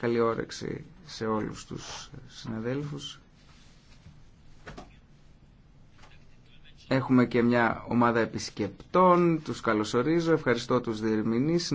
Καλή όρεξη σε όλους τους συναδέλφους. Έχουμε και μια ομάδα επισκεπτών, τους καλωσορίζω, ευχαριστώ τους διερμηνείς.